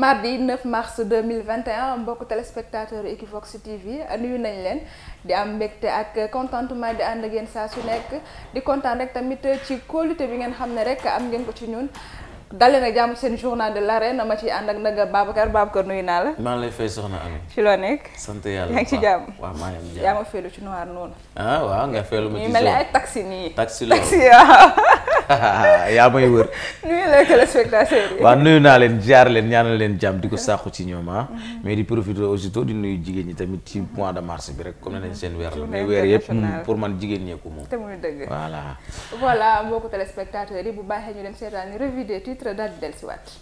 mardi 9 mars 2021 mbokku téléspectateur Equivox TV nuyu nañ leen di am mbégte ak contentement di ànd ak saa su nekk di kontaan rek tamit ci kóolute bi ngeen xam ne rek am ngeen ko ci ñun. dale na jàmm seen journal de l'arène ma ciy ànd nag Babacar Babacar nuyu naa la. maa ngi lay fay soxna Ami. ci loo nekk. sant yàlla yaa ci jàmm. waaw may wër. nuyu la téléspectateurs yi. naa leen jaar leen ñaanal leen jàmm di ko sàqu ci ñoom ah. Mhm. mais di profiter aussitôt di nuyu jigéen ñi tamit ci mois de marse bi rek comme na nañ seen weer la. Mhm. mais weer yëpp pour man jigéen ñee ko moom. te muy dëgg titre daal di dellusiwaat.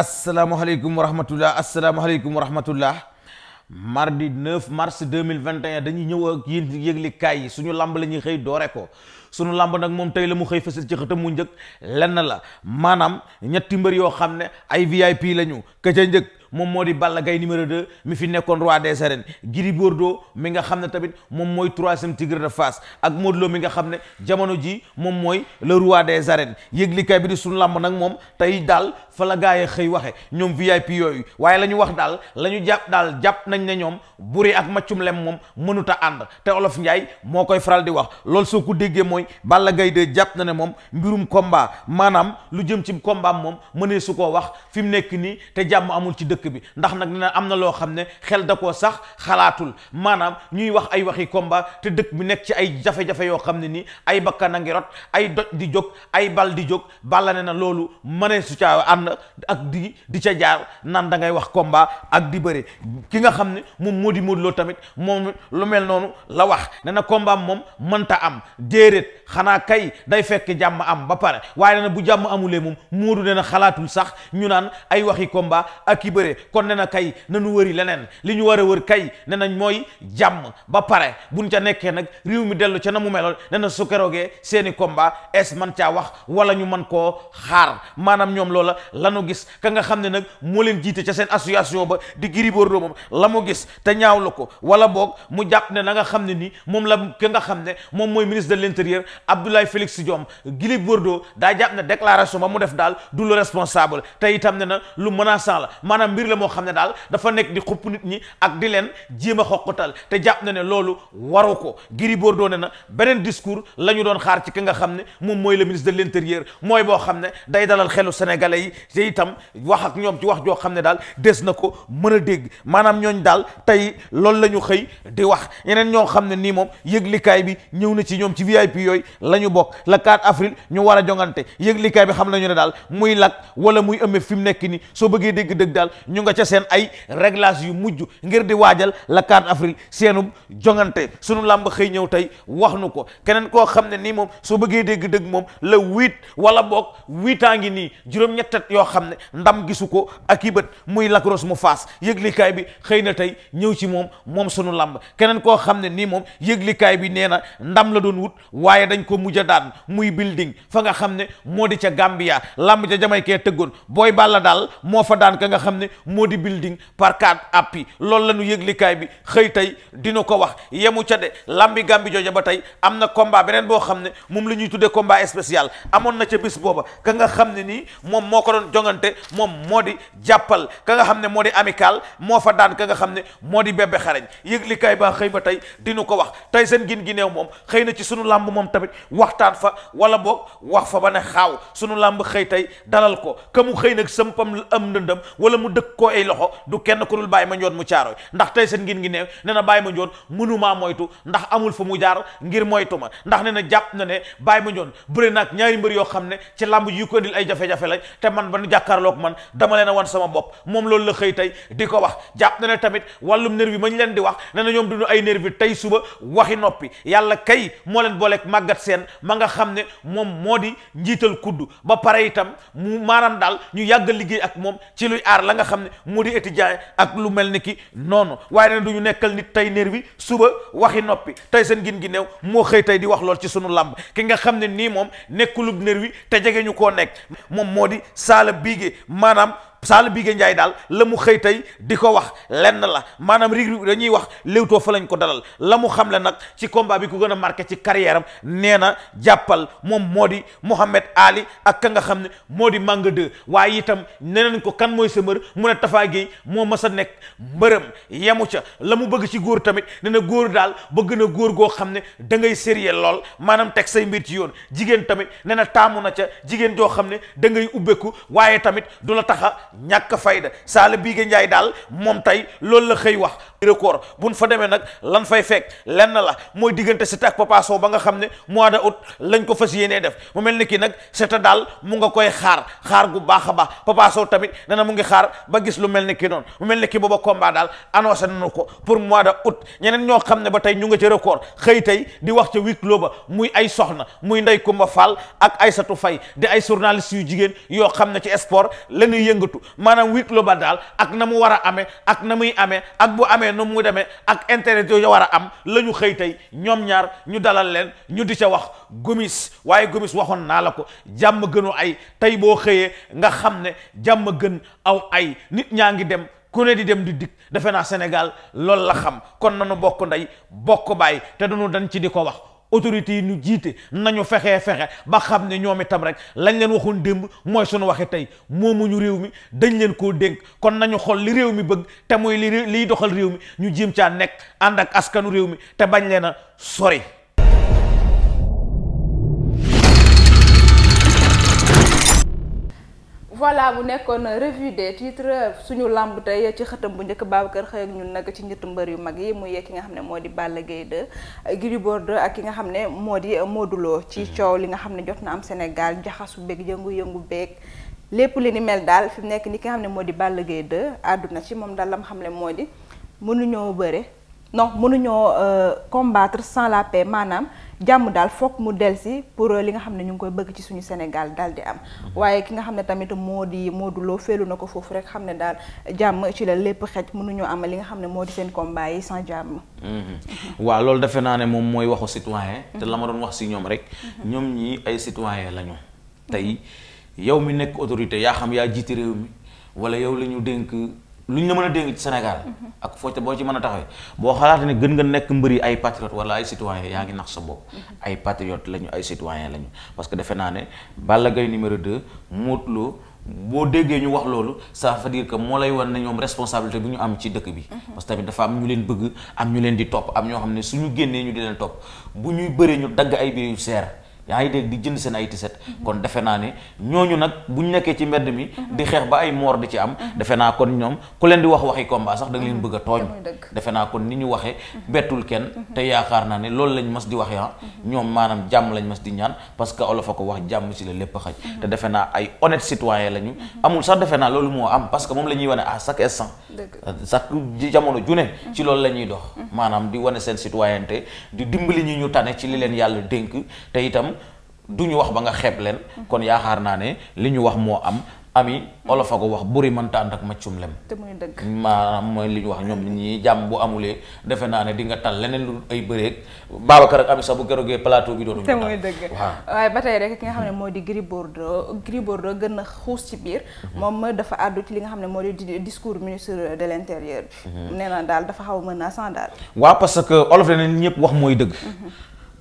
asalaamaaleykum wa rahmatulah asalaamaaleykum wa rahmatulah mardi 9 mars 2021 dañuy ñëw ak yéen yëgle yi suñu lamb la ñuy xëy doore ko. sunu làmb nag moom tey la mu xëy fësal ci xëtam mu njëkk lenn la maanaam ñetti mbër yoo xam ne ay VIP lañu ka ca njëkk moom moo di Balla gay numéro de mi fi nekkoon roi des arènes Gris Bordeaux mi nga xam ne tamit moom mooy troisième tigre de fas ak Modou Lo mi nga xam ne jamono ji moom mooy le roi des arènes yëglikaay bi di su làmb nag moom tey daal fa la gaa yi xëy waxe ñoom VIP yooyu waaye la ñu wax daal la ñu jàpp daal jàpp nañ ne ñoom buri ak maccum lem moom mënuta ànd te Olof Njaay moo koy faral di wax loolu soo ko déggee mooy Balla Gaye de jàpp na ne moom mbirum komba maanaam lu jëm ci combat moom mënee su koo wax fi mu nekk nii te jàmm amul ci dëkk dëkk bi ndax nag nee na am na loo xam ne xel da koo sax xalaatul maanaam ñuy wax ay waxi komba te dëkk bi nekk ci ay jafe-jafe yoo xam ne nii ay bakkan a ngi rot ay doj di jóg ay bal di jóg balla ne na loolu mënee su caa ànd ak di di ca jaar naan da ngay wax komba ak di bëre ki nga xam ne moom moo di Modou loo tamit moom lu mel noonu la wax ne na combat moom mënta am déedéet xanaa kay day fekk jàmm am ba pare waaye nee na bu jàmm amulee moom Modou nee na xalaatul defee kon ne na kay nañu wëri leneen li ñu war a wër kay ne nañ mooy jàmm ba pare buñ ca nekkee nag réew mi dellu ca na mu meloon ne na su keroogee seeni combat es man caa wax wala ñu man koo xaar maanaam ñoom loola la lanu gis ka nga xam ne nag moo leen jiite ca seen association ba di Gris Bordeaux moom la mu gis te ñaaw ñaawlu ko wala boog mu jàpp ne na nga xam ne nii moom la ka nga xam ne moom mooy ministre de l'intérieur Abdoulaye Félix Diome Gris Bordeaux daa jàpp ne déclaration ba mu def daal mbir la moo xam ne daal dafa nekk di xupp nit ñi ak di leen jéem a xoqatal te jàpp na ne loolu waru ko Gris Bordeaux ne na beneen discours la ñu doon xaar ci ki nga xam ne moom mooy le ministre de l'intérieur mooy boo xam ne day dalal xelu sénégalais itam wax ak ñoom ci wax joo xam ne daal des na ko mën a dégg maanaam ñooñ daal tey loolu la ñu xëy di wax ñeneen ñoo xam ne nii moom yëglikaay bi ñëw na ci ñoom ci VIP yooyu la ñu bokk le 4 avril ñu war a jongante yëglikaay bi xam nañu ne daal muy lakk wala muy ëmme fi mu nekk nii soo bëggee dégg dëgg ñu nga ca seen ay réglage yu mujj ngir di waajal la 4 avril seenub jongante sunu làmb xëy ñëw tey wax nu ko keneen koo xam ne nii moom soo bëggee dégg dëgg moom la huit wala boog huit ans ngi nii juróom yoo xam ne ndam gisu ko ak i bët muy lacrosse mu faas yëglikaay bi xëy na tey ñëw ci moom moom sunu làmb keneen koo xam ne nii moom yëglikaay bi nee na ndam la doon wut waaye dañ ko mujj a daan muy building fa nga xam ne moo di ca Gambia làmb ca jamaykee tëggoon booy bàlla daal moo fa daan ka nga xam ne di Mody Building parcat appi loolu la ñu yëglikaay bi xëy tey dina ko wax yemu ca de lambi gàmbi jooja ba tey am na combat beneen boo xam ne moom la ñuy tuddee combat spécial amoon na ca bis booba ka nga xam ne nii moom moo ko doon jongante moom moo di jàppal ka nga xam ne moo di amical moo fa daan ka nga xam ne moo di bébé xarañ yëglikaay baa xëy ba tey dina ko wax tey seen gin gineew moom xëy na ci sunu làmb moom tamit waxtaan fa wala boog wax fa ba ne xaaw sunu làmb xëy tey dalal ko ka mu xëy nag sëmpam am ndëndam dëkk ko ay loxo du kenn ku dul bàyyi ma njoon mu caaroy ndax tey seen ngin ngi neew ne na bàyyi ma njoon mënumaa moytu ndax amul fa mu jaar ngir moytu ma ndax ne na jàpp na ne bàyyi ma njoon bëri naag ñaari mbër yoo xam ne ci làmb ji ko indil ay jafe-jafe te man ba nu jàkkaarloog man dama leen a wan sama bopp moom loolu la xëy tey di ko wax jàpp na ne tamit wàllum nervi ma ñu leen di wax ne na ñoom duñu ay nervi tey suba waxi noppi yàlla kay moo leen booleeg màggat seen ma nga xam ne moom moo di njiital kudd ba pare itam mu maanaam daal ñu yàgg liggéey ak moom ci luy aar la nga xam ne mu di étudiant ak lu mel ni ki noonu waaye nag du ñu nekkal nit tey néer bi suba waxi noppi tey seen gin gi néew moo xëy tey di wax lool ci sunu làmb ki nga xam ne nii moom nekkulub néer wi te jege ñu koo nekk moom moo di saala biige maanaam Sall Bigué Ndiaye daal la mu xëy tey di ko wax lenn la maanaam rig rig dañuy wax Leewtoo fa lañ ko dalal la mu xamle nag ci combat bi ku gën a marqué ci carrière am nee na jàppal moom moo di Mohamed Ali ak ka nga xam ne moo di màng 2 waaye itam neneen ko kan mooy sa mbër mu ne Tafa Gueye moo mas sa nekk mbërëm yemu ca la mu bëgg ci góor tamit ne góor daal bëgg na góor goo xam ne da ngay sérieux lool maanaam teg say mbir ci yoon jigéen tamit ne na taamu na ca jigéen joo xam ne da ngay ubbeeku waaye tamit du la taxa ñàkk fayda saala biige njaay daal moom tey loolu la xëy wax record nu fa demee nag lan fay fekk lenn la mooy diggante Siteu ak Papa ba nga xam ne mois de août lañ ko fas yéenee def mu mel ni kii nag Siteu daal mu nga koy xaar xaar gu baax a baax Papa tamit nee na mu ngi xaar ba gis lu mel ni kii noonu mu mel ni kii booba combat daal annoncé nañu ko pour mois de août ñeneen ñoo xam ne ba tey ñu nga ci record xëy tey di wax ca huis clos ba muy ay soxna muy Ndey Kumba Fall ak Aysatu Fay di ay journalistes jigéen yoo xam ne ci sport la ñuy yëngatu maanaam huis clos ba daal ak na mu war a amee ak na muy amee ak bu amee nu mu demee ak internet yooyu war a am la ñu xëy tey ñoom ñaar ñu dalal leen ñu di ca wax gomis waaye gomis waxoon naa la ko jàmm gënu ay tey boo xëyee nga xam ne jàmm gën aw ay nit ñaa ngi dem ku ne di dem di dikk defe naa Sénégal loolu la xam kon na nu bokk ndey bokk bàyyi te duñu dañ ci di ko wax autorités yi ñu jiite nañu fexe fexe ba xam ne ñoom itam rek lañ leen waxoon démb mooy suñu waxe tey moomuñu réew mi dañ leen koo dénk kon nañu xool li réew mi bëgg te mooy li liy doxal réew mi ñu jéem caa nekk ànd ak askanu réew mi te bañ leen a sori voilà bu nekkoon revue des titres suñu lamb tey ci xëtam bu njëkk Babacar xëy ak ñun nag ci ñett mbër yu mag yi mu yee ki nga xam ne moo di Balla Gaye 2 ak ki nga xam ne moo di Modou Lo ci mhm. coow li nga xam ne jot na am Sénégal jaxasu beeg yëngu-yëngu beeg lépp li ni mel daal fi mu nekk ni ki nga xam ne moo di Balla Gaye 2 àdduna ci moom daal lam xam ne moo di mënuñoo bëre non mënuñoo euh, combattre sans la paix maanaam. jàmm daal foog mu delsi pour euh, li nga xam ne ñu ngi koy bëgg ci suñu Sénégal daal di am mhm. waaye ki nga xam ne tamit moo di moo du loo féelu na ko foofu rek xam ne daal jàmm ci la lépp xej mënuñoo am li nga xam ne moo di seen combat yi sans jàmm mhm. Mhm. waaw loolu defe naa ne moom mooy waxu citoyen te la ma doon wax si ñoom rek ñoom ñii ay citoyen lañu tey yow mi nekk autorité yaa xam yaa jiite réew mi wala yow la ñu dénk lu ñu la mën a dénk ci Sénégal ak foo boo ci mën a taxawee boo xalaatee ne gën nga nekk mbëri ay patriote wala ay citoyen yaa ngi nax sa bopp ay patriote lañu ay citoyen lañu parce que defe naa ne Balla Gaye numéro 2 muut Lo boo déggee ñu wax loolu ça veut dire que moo lay wan ne ñoom responsabilité bi ñu am ci dëkk bi. parce que tamit dafa am ñu leen bëgg am ñu leen di topp am ñoo xam ne suñu génnee ñu di leen topp bu ñuy bëree ñu dagg ay biir yu seer. yaa ngi dégg di jënd seen ay tiset kon defe naa ni ñooñu nag buñ nekkee ci mbedd mi di xeex ba ay moor di ci am defe naa kon ñoom ku leen di wax waxi combat sax da nga leen bëgg a tooñ defe naa kon ni ñu waxee bettul kenn te yaakaar naa ne loolu lañ mas di waxee ah ñoom maanaam jàmm lañ mas di ñaan parce que olof a ko wax jàmm ci la lépp xaj te defe naa ay honnête citoyen lañu amul sax defe naa loolu moo am parce que moom la ñuy wane à chaque instant chaque jamono june ci loolu la ñuy dox maanaam di wane seen citoyenneté di dimbali ñu ñu tane ci li leen yàlla dénk te du ñu wax ba nga xeeb leen. kon yaakaar naa ne li ñu wax moo am. ami olof a wax buri mënta ànd ak maccum lem. te muy dëgg maanaam mooy li ñu wax ñoom ñi jàmm bu amulee defe naa ne di nga tal leneen lu ay bëreeg Babacar ak Ami sax bu keroogee plateau bi dootuñu. te muy dëgg waaye ba tey rek ki nga xam ne moo di Gris Bordeaux Gris gën a xuus ci mhm. moom dafa àddu ci nga xam ne moo di discours ministre de l' intérieur. Mhm. daal dafa xaw menaçant daal. waaw parce que olof leneen ñëpp wax mooy dëgg. Mhm.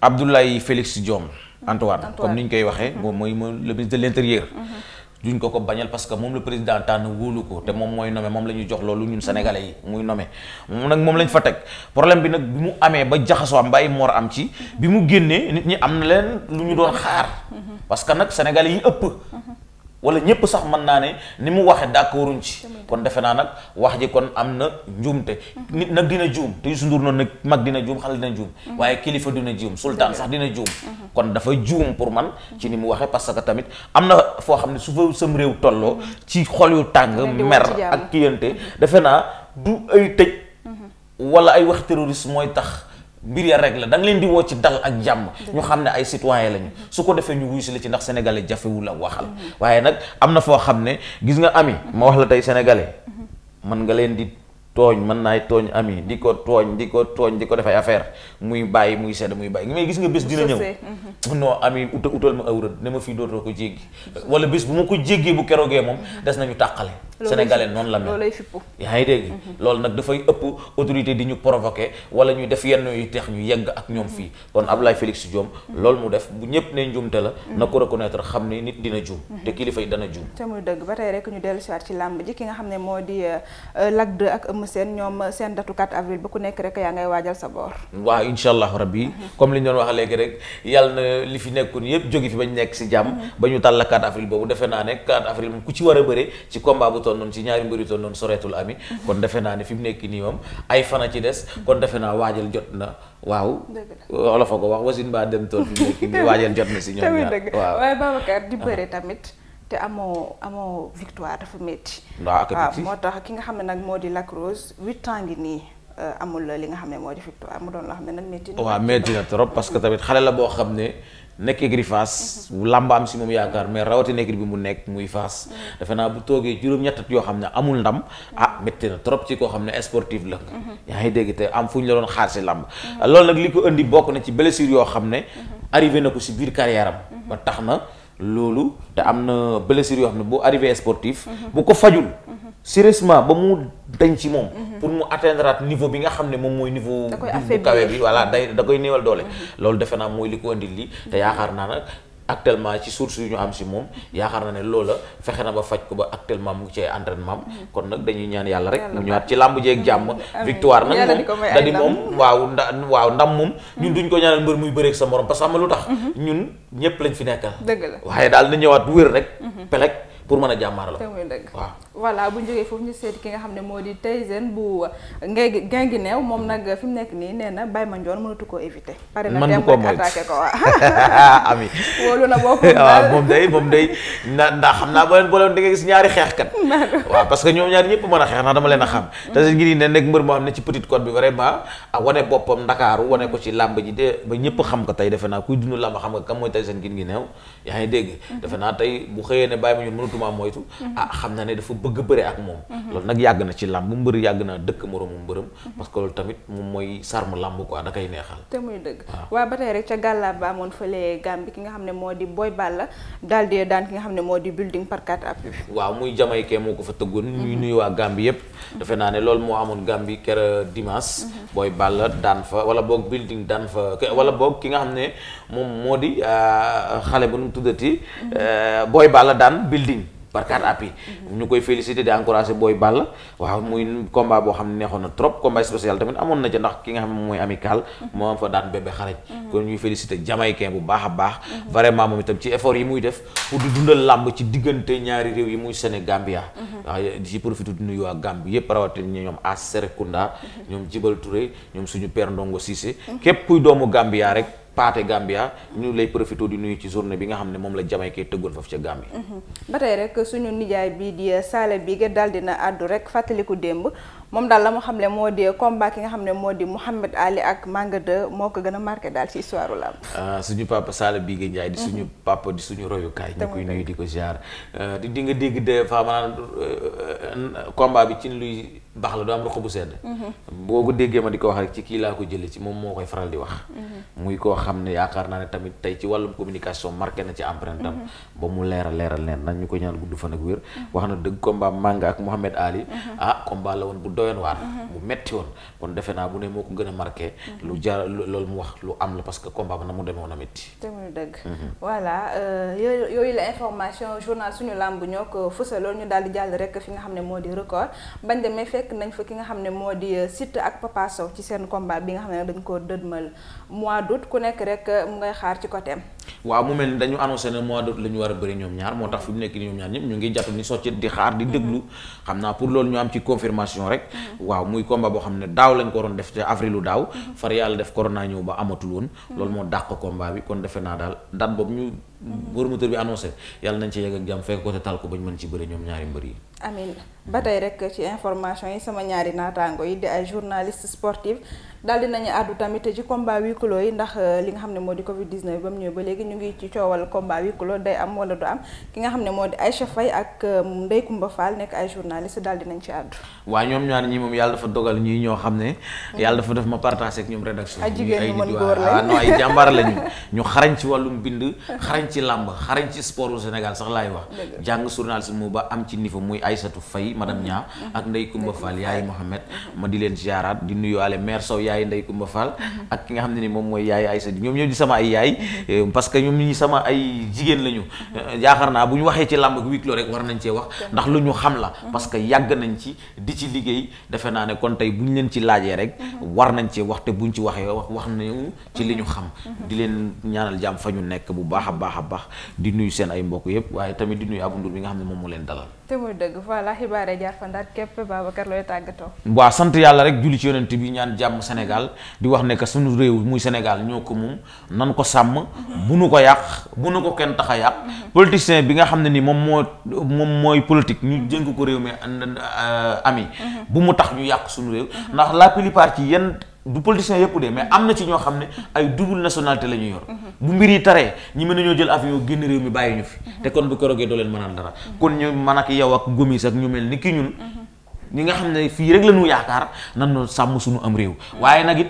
Abdoulaye Félix Diome. Antoine comme ni ñu koy waxee mhm. moom mooy le ministre de l'intérieur mhm. duñ ko ko bañal parce que moom la président tànn wóolu ko te moom mooy nommé moom la ñuy jox loolu ñun mhm. sénégalais yi muy nome moom nag moom lañ fa teg problème bi nag bi mu amee ba jaxasoo am ba ay am ci bi mu génnee nit ñi am na leen lu ñu doon xaar parce que nag sénégalais yi ëpp wala ñëpp sax mën naa ne ni mu waxe d'accorduñ ci kon defe naa nag wax ji kon am na njuumte mhm. nit nag dina juum te Youssou Ndour noonu nag mag dina juum xale dina juum mhm. waaye kilifa dina juum sultaan sax dina juum mhm. kon dafa juum pour man ci ni mu waxe parce que tamit am na foo xam ne su fa sam réew tolloo ci xol yu tàng mer ak kiyante defe naa du ay tëj wala ay wax terroriste mooy tax mbir ya rek la da leen di woo ci dal ak jàmm ñu xam ne ay citoyen lañu su ko defee ñu wuyu la ci ndax sénégalais jafewul a waxal waaye nag am na foo xam ne gis nga ami ma wax la tey sénégalais mhm. mën nga leen di tooñ mën naay tooñ ami di ko tooñ di ko tooñ di ko defee ay affaire muy bàyyi muy sedd muy bàyyi may gis nga bés dina ñëw mhm. non ami uta utal ma awrad ne ma fii dootoo ko jéggi wala bés bu ma ko jéggee bu keroogee moom mhm. des nañu tàqale sénégalais noonu la mel loolay fippu yaa ngi dégg mhm. loolu nag dafay ëpp autorité di ñu provoqué wala ñu def yenn yu teex ñu yegg ak ñoom mhm. fii kon Abdoulaye Félix Diome mhm. loolu mu def bu ne njuumte la na ko reconnaître xam ne nit dina juum te kilifa yi dana juum te muy dëgg ba tey rek ñu dellu a ci làmb ji ki nga xam ne moo di euh, Lac ak Eumeu Sène ñoom seen datu 4 avril ba ku nekk rek yaa ngay waajal sa boor waaw incha allah rabbi comme li ñu doon a toll noonu ci ñaari mbir yu toll noonu soreetul ami kon defe naa ne fi mu nekk nii moom ay fana ci des kon defe naa waajal jot na waaw olofa ko wax wasin baa dem tool fi mu nekk nii si ñoom ñaar waaw waaye Babacar di bëre tamit te amoo amoo victoire dafa métti waaw moo tax ki nga xam ne nag moo di Lac Rose huit ans ngi nii euh, amul li nga xam ne moo di victoire mu doon loo xam ne nag métti na waaw métti na trop parce tamit xale la boo xam ne nekk écurie Fass làmb am si moom yaakaar mais rawatina écurie bi mu nekk muy Fass defe naa bu toogee juróom-ñettat yoo xam ne amul ndam ah métti na trop ci koo xam ne sportif la yaa ngi dégg te am fu ñu la doon xaar si làmb loolu nag li ko indi bokk na ci blessure yoo xam ne arrivé na ko si biir carrière am ba tax na loolu te am na blessure yoo xam ne boo arriver sportif bu ko fajul sérieusement ba mu dañ ci moom. pour mu atteindre niveau bi nga xam ne moom mooy niveau. da koy bu kawe bi voilà day da koy néewal doole. Mhm. loolu defe naa mooy li ko indil lii. te yaakaar naa nag actuellement ci source yu ñu am si moom yaakaar naa ne loola fexe na ba faj ko ba actuellement mu ngi ci mhm. kon nag dañuy ñaan yàlla rek mu ñëwaat ci làmb jeeg jàmm victoire nag moom da di moom waaw nda waaw ndam moom mhm. ñun duñ ko ñaanal mbër muy bëreeg sa morom parce que xam lu tax ñun ñépp lañ fi nekkal dëgg waaye daal na ñëwaat wér rek pelek pour mën a jàmmaarloo. te muy dëgg waaw. voilà bu ñu foofu ñu seet ki nga xam ne moo di Tyson bu ngay Guinguinéo moom nag fi nekk nii nee na Baye Mandione mënatu koo éviter. pare na dem ko attaqué xam naa boo leen boole woon ñaari xeexkat. waaw parce que ñoom ñaari ñëpp mën a xeex ndax dama leen a xam. Mm-hmm. te si ngi ne nekk mbër moo xam ne ci petite côte bi vraiment wane boppam Ndakaaru wane ko ci làmb ji de ba ñëpp xam ko tey defe naa kuy dund làmb xam nga kam mooy Tyson Guinguinéo yaa ngi dégg mm-hmm. defe naa tey bu xëyee ne Baye Mandione mënatu maa moytu ah xam na ne dafa bëgg bëre ak moom loolu nag yàgg na ci làmb mbër yàgg naa dëkk moroomu mbërëm parce que loolu tamit moom mooy sarmu làmb quoi da koy neexal te ba tey rek ca gàllaa ba amoon fële Gambie ki nga xam ne moo di Boy Balla daal di daan ki nga xam ne moo di building par quatre appuis waaw muy jamaykee moo ko fa tëggoon mhm. ñuy nuyu waa Gambie yépp defe naa ne loolu moo amoon Gambie kera dimanche mhm. Boy Balla daan fa wala boog building daan fa wala boog ki nga xam ne moom moo di ah, xale bu nu mu mhm. booy eh, Boy Balla daan building par carte appui ñu koy félicité di encourager booy Balla waaw muy combat boo xam ne neexoon na trop combat spécial tamit amoon na ca ndax ki nga xam ne mooy amical moo am fa daan bébé xaraj kon ñuy féliciter jamaïcain bu baax a baax vraiment moom itam ci effort yi muy def pour di dundal làmb ci diggante ñaari réew yi muy Sénégal Gambia waaw di ci profité di nuyu waa Gambie yépp rawatina ñoom As Serekunda ñoom Jibal Touré ñoom suñu père Ndongo Cissé képp kuy doomu Gambia rek Paate Gambia ñu lay profité di nuyu ci journée bi nga xam ne moom la Jamaïque tëggoon foofu ca Gambie. Mhm. ba tey rek suñu nijaay bii di Saleh Bigué daal dina àddu rek fàttaliku démb moom daal la mu xam ne moo di combat ki nga xam ne moo di Mouhamed Ali ak Manga 2 moo ko gën a marqué daal ci histoire lamb ah suñu papa Sala Bigué Ndiaye suñu mhm. papa di suñu royukaay ñu koy nuyu di ko ziar euh, di nga dégg des fois maanaam combat bi ci luy baax la doo am roq bu mhm. boo ko déggee ma di ko wax rek ci kii laa ko jëlee ci moom moo koy faral di wax mhm. muy koo xam ne yaakaar naa ne tamit tey ci wàllum communication marqué na ci empreinte am ba mu leeral leeral leen nañ ñu ko ñaan gudd fan ak wér wax na dëgg combat Manga ak Mouhamed Ali ah combat la woon bu doyoon waar mhm. bu metti woon kon defe naa bu ne moo ko gën a marqué mhm. lu jar loolu mu wax lu am la parce que combat ba na mu demoon a métti te muy dëgg mhm. voilà euh, yooyu la information journal suñu làmb ñoo ko loolu ñu daal di jàll rek fi nga xam ne moo di record bañ demee fekk nañ fa ki nga xam ne moo di euh, Siteu ak Papa ci seen combat bi nga xam ne dañ ko dëdmal mois d'août ku nekk rek euh, mu ngay xaar ci côté am waaw mu mel ni dañu annoncé ne mois d'août la ñu war a bëri ñoom ñaar moo tax fi mu nekk ni ñoom ñaar ñëpp ñu ngi jàpp ni soccet di xaar di déglu xam naa pour loolu ñu am ci confirmation rek mm-hmm. waaw muy combat boo xam ne daaw lañ ko waroon def te avrilu daaw mm-hmm. far yàlla def corona ñëw ba amatul mm-hmm. loolu moo dàq combat bi kon defe naa daal date boobu ñu promoteur mm-hmm. bi annoncé yàlla nañ ci yegg ak jàmm fekk ko te tal ko ba ñu mën ci bëre ñoom ñaari mbër yi amin ba tey rek ci information yi sama ñaari naataango yi di ay journaliste sportif daal dinañu àddu tamit ci yi ndax euh, li nga xam ne moo di covid 19 ba mu ñëw ba léegi ñu ngi ci coowal combat huis clos day am wala du am ki nga xam ne moo di Aïcha Faye ak euh, Ndeye Kumba Fall nekk ay journaliste daal dinañ ci àddu waaw ñoom ñaar ñi moom yàlla dafa dogal ñii ñoo xam ne mm-hmm. yàlla dafa def ma partagé ak ñoom rédaction ay jigéen ñu mën góor la ah, non ay jàmbaar lañu ñu xarañ ci wàllum bind xarañ ci làmb xarañ ci sport au Sénégal sax laay wax jàng journalisme mu ba am ci niveau muy Aïssatou Faye madame mm-hmm. Niang mm-hmm. ak Ndeye Koumba Fall yaay Mohamed mm-hmm. ma di leen ziaraat di nuyuwaale maire Sow yaay Ndeye Koumba Fall ak ki nga xam ne ni moom mooy yaay Aïssatou ñoom ñoo di sama ay yaay eh, parce que ñoom ñi sama ay jigéen lañu eh, yaakaar naa bu ñu waxee ci làmb ak huis rek war nañ cee wax ndax lu ñu xam la parce que yàgg nañ ci di ci liggéey defe naa ne kon tey bu ñu leen ci laajee rek war nañ ci wax te buñ ci waxee wax wax nañu ci li ñu xam di leen ñaanal jàmm fa ñu nekk bu baax a baax a baax di nuyu seen ay mbokk yëpp waaye tamit di nuyu Abou Ndour bi nga xam ne moom moo leen dalal te muy dëgg voilà xibaar sant yàlla rek julli ci yonent bi ñaan jàmm Sénégal di wax ne que suñu réew muy Sénégal ñoo ko moom nan ko sàmm bu nu ko yàq bu nu ko kenn tax a yàq politicien bi nga xam ne ni moom mooy politique ñu jënk ko réew mi euh, ami mhm. bu mu tax ñu yàq suñu réew ndax la plupart ci yenn du politicien yëpp de mais am na ci ñoo xam ne ay double nationalité la ñu yor. Mhm. bu mbir yi taree ñi mën ñoo jël avion génn réew mi bàyyi ñu fi. Mhm. te kon bu keroogee doo leen mënaan dara. Mhm. kon ñu man ak yow ak gomis ak ñu mel ni ki ñun. ñi nga xam ne fii rek la ñu yaakaar nan noonu sàmm suñu am réew. waaye nag it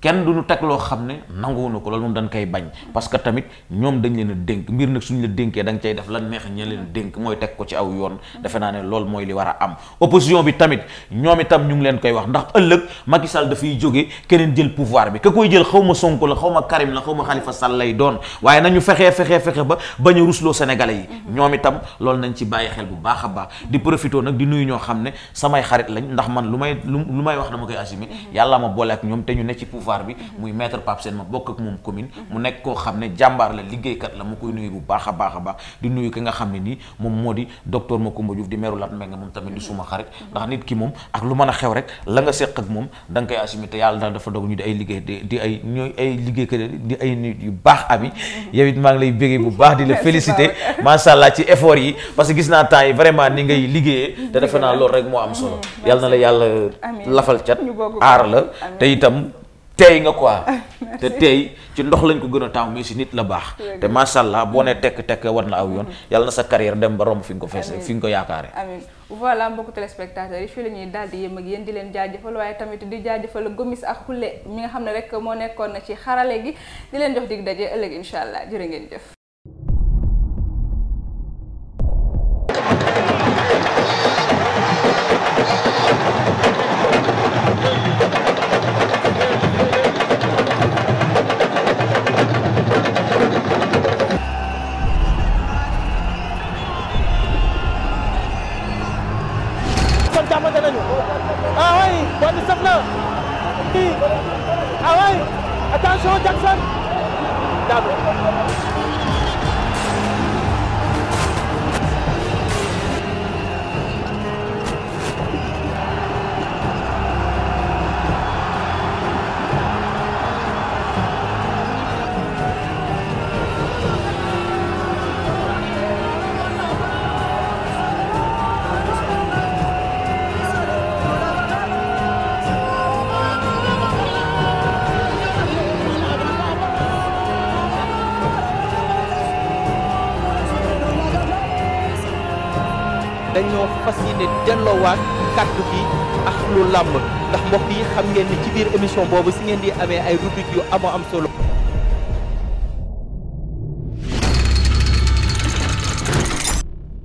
kenn du ñu teg loo xam ne nanguwuñu ko loolu moom dañ koy bañ parce que tamit ñoom dañ leen a dénk mbir nag suñ la dénkee da nga cay def lan neex ña leen dénk mooy teg ko ci aw yoon defe naa ne loolu mooy li war a am opposition bi tamit ñoom itam ñu ngi leen koy wax ndax ëllëg Macky Sall dafay jóge keneen jël pouvoir bi ka jël xaw ma Sonko la xaw ma Karim la xaw ma Khalifa Sall lay doon waaye nañu fexee fexee fexe ba bañ a rusloo Sénégalais yi mhm. ñoom itam loolu nañ ci bàyyi xel bu baax a baax di profité nag di nuyu ñoo xam ne samay xarit lañ ndax man lu may lu may wax dama koy assumer mhm. yàlla ma boole ak ñoom te ñu ne ci pouvoir pouvoir bi muy maître Pape Sène ma bokk ak moom commune mu nekk koo xam ne jàmbaar la liggéeykat la mu koy nuyu bu baax a baax a baax di nuyu ki nga xam ne nii moom moo di docteur Macoumba Diouf di meeru Lat Mbengue moom tamit di suma xarit ndax nit ki moom ak lu mën a xew rek la nga seq ak moom da nga koy assumé te yàlla daal dafa dog ñu di ay liggéey di ay ñooy ay liggéeykat di ay nit baax abi yow it maa ngi lay bégee bu baax di la félicité macha allah ci effort yi ni ngay liggéeyee te defe naa loolu rek moo am solo mm-hmm. yàlla tey nga quoi ah, te tey ci ndox lañ ko gën a taamu mais si nit la baax te macha allah boo ne tekk-tekk war na aw yoon yàlla na sa carrière dem ba romb fi nga ko fees fi nga ko yaakaare amiin voilà mbokku téléspectateurs yi fii la ñuy daal di yem ak yéen di leen jaajëfal waaye tamit di jaajëfal gomis ak xulle mi nga xam ne rek moo nekkoon na ci xarale gi di leen jox dig daje ëllëg incha allah jërë ngeen jëf ne delloowaat kàddu gi ak lu làmb ndax mbokk yi xam ngeen ne ci biir émission boobu si ngeen di amee ay rubrique yu amoo am solo